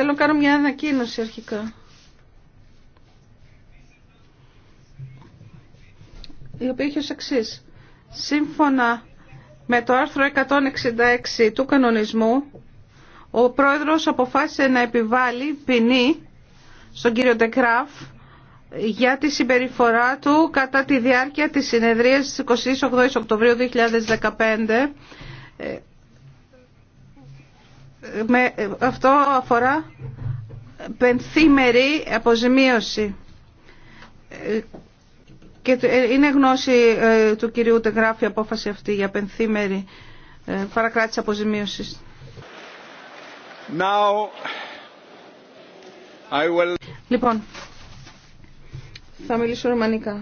Θέλω να κάνω μια ανακοίνωση αρχικά. Η οποία έχει ως εξής. Σύμφωνα με το άρθρο 166 του κανονισμού, ο πρόεδρος αποφάσισε να επιβάλει ποινή στον κύριο Ντεκράφ για τη συμπεριφορά του κατά τη διάρκεια της συνεδρίας της 28 Οκτωβρίου 2015 αυτό αφορά πενθήμερη αποζημίωση και ε, είναι γνώση ε, του κυρίου Τεγράφη η απόφαση αυτή για πενθήμερη ε, παρακράτηση αποζημίωσης. Λοιπόν, θα μιλήσω ρουμανικά.